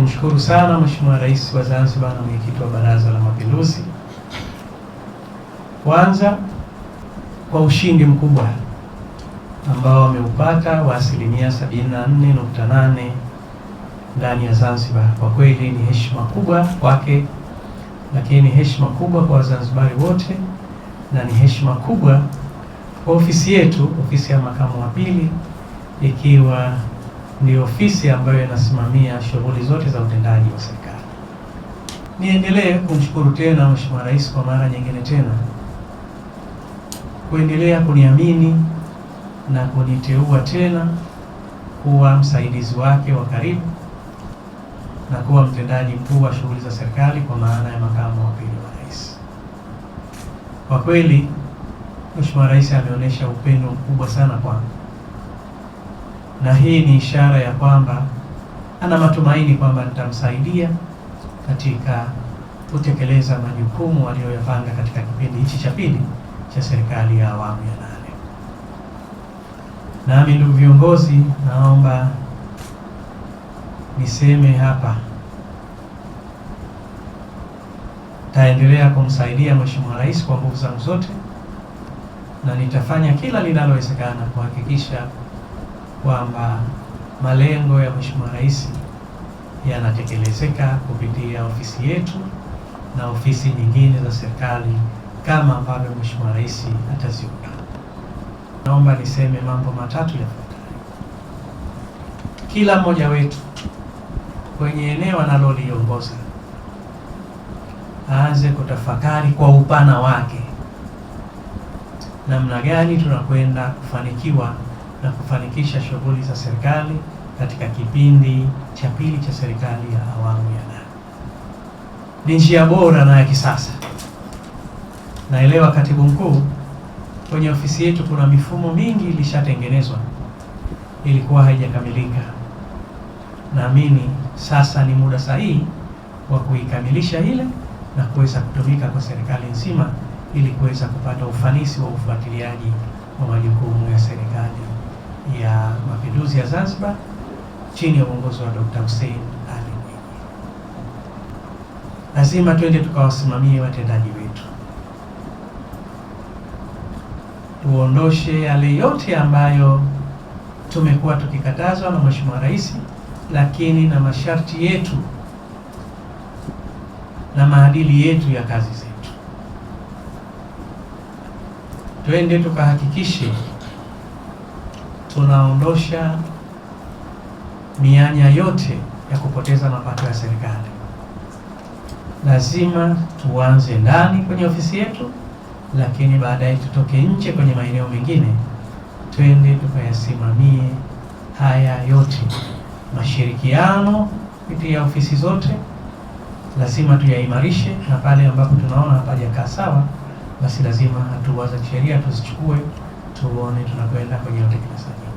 Kumshukuru sana Mheshimiwa Rais wa Zanzibar na mwenyekiti wa Baraza la Mapinduzi, kwanza kwa ushindi mkubwa ambao wameupata wa asilimia 74.8 ndani ya Zanzibar. Kwa kweli ni heshima kubwa kwake, lakini ni heshima kubwa kwa Wazanzibari wote na ni heshima kubwa kwa ofisi yetu, ofisi ya makamu wa pili ikiwa ni ofisi ambayo inasimamia shughuli zote za utendaji wa serikali. Niendelee kumshukuru tena Mheshimiwa Rais kwa mara nyingine tena kuendelea kuniamini na kuniteua tena kuwa msaidizi wake wa karibu na kuwa mtendaji mkuu wa shughuli za serikali kwa maana ya makamu wa pili wa rais. Kwa kweli Mheshimiwa Rais ameonyesha upendo mkubwa sana kwangu na hii ni ishara ya kwamba ana matumaini kwamba nitamsaidia katika kutekeleza majukumu aliyoyapanga katika kipindi hichi cha pili cha serikali ya awamu ya nane. Nami ndugu viongozi, naomba niseme hapa, taendelea kumsaidia Mheshimiwa Rais kwa nguvu zangu zote na nitafanya kila linalowezekana kuhakikisha kwamba malengo ya Mheshimiwa Rais yanatekelezeka kupitia ofisi yetu na ofisi nyingine za serikali kama ambavyo Mheshimiwa Rais ataziunda. Naomba niseme mambo matatu ya yafuatayo. Kila mmoja wetu kwenye eneo analoliongoza aanze kutafakari kwa upana wake namna gani tunakwenda kufanikiwa na kufanikisha shughuli za serikali katika kipindi cha pili cha serikali ya awamu ya nane. Ni njia bora na ya kisasa. Naelewa katibu mkuu, kwenye ofisi yetu kuna mifumo mingi ilishatengenezwa, ilikuwa haijakamilika. Naamini sasa ni muda sahihi wa kuikamilisha ile na kuweza kutumika kwa serikali nzima ili kuweza kupata ufanisi wa ufuatiliaji wa majukumu ya serikali ya mapinduzi ya Zanzibar chini ya uongozi wa Dr. Hussein Ali Mwinyi. Lazima twende tukawasimamie watendaji wetu, tuondoshe yale yote ambayo tumekuwa tukikatazwa na Mheshimiwa Rais, lakini na masharti yetu na maadili yetu ya kazi zetu, twende tukahakikishe tunaondosha mianya yote ya kupoteza mapato ya serikali. Lazima tuanze ndani kwenye ofisi yetu, lakini baadaye tutoke nje kwenye maeneo mengine, twende tukayasimamie haya yote. Mashirikiano kati ya ofisi zote lazima tuyaimarishe, na pale ambapo tunaona hapajakaa sawa, basi lazima hatua za kisheria tuzichukue, tuone tunakwenda kwenye utekelezaji.